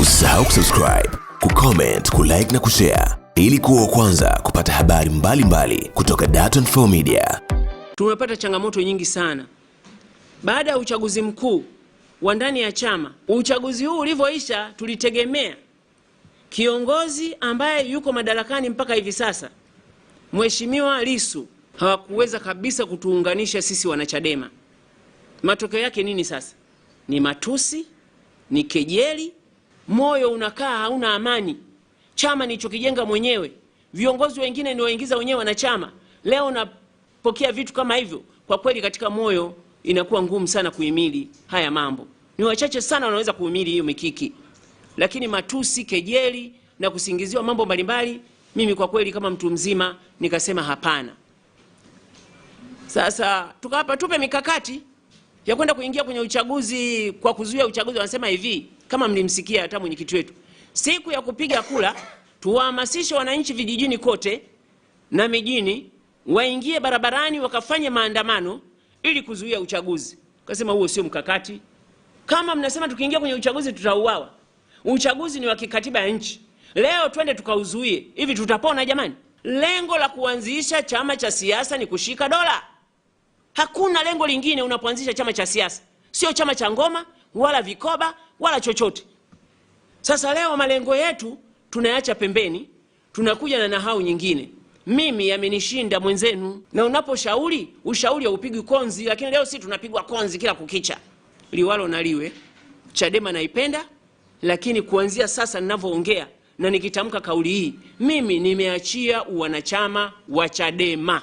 Usisahau kusubscribe, kucomment, kulike na kushare ili kuwa kwanza kupata habari mbalimbali mbali kutoka Dar24 Media. Tumepata changamoto nyingi sana baada ya uchaguzi mkuu wa ndani ya chama. Uchaguzi huu ulivyoisha, tulitegemea kiongozi ambaye yuko madarakani mpaka hivi sasa, Mheshimiwa lisu hawakuweza kabisa kutuunganisha sisi wanachadema. Matokeo yake nini sasa? Ni matusi, ni kejeli moyo unakaa hauna amani, chama nilichokijenga mwenyewe, viongozi wengine niwaingiza wenyewe wanachama, leo napokea vitu kama hivyo, kwa kweli katika moyo inakuwa ngumu sana kuhimili haya mambo. Ni wachache sana wanaweza kuhimili hiyo mikiki, lakini matusi, kejeli na kusingiziwa mambo mbalimbali, mimi kwa kweli kama mtu mzima nikasema hapana. Sasa tukapa tupe mikakati ya kwenda kuingia kwenye uchaguzi kwa kuzuia uchaguzi. Wanasema hivi, kama mlimsikia hata mwenyekiti wetu, siku ya kupiga kula tuwahamasishe wananchi vijijini kote na mijini waingie barabarani wakafanye maandamano ili kuzuia uchaguzi. Kasema huo sio mkakati. Kama mnasema tukiingia kwenye uchaguzi tutauawa, uchaguzi ni wa kikatiba ya nchi. Leo twende tukauzuie, hivi tutapona jamani? Lengo la kuanzisha chama cha siasa ni kushika dola. Hakuna lengo lingine unapoanzisha chama cha siasa, sio chama cha ngoma wala vikoba wala chochote. Sasa leo malengo yetu tunayacha pembeni, tunakuja na nahau nyingine. Mimi yamenishinda mwenzenu. Na unaposhauri ushauri haupigwi konzi, lakini leo si tunapigwa konzi kila kukicha. Liwalo na liwe, Chadema naipenda, lakini kuanzia sasa ninavyoongea na nikitamka kauli hii, mimi nimeachia uwanachama wa Chadema.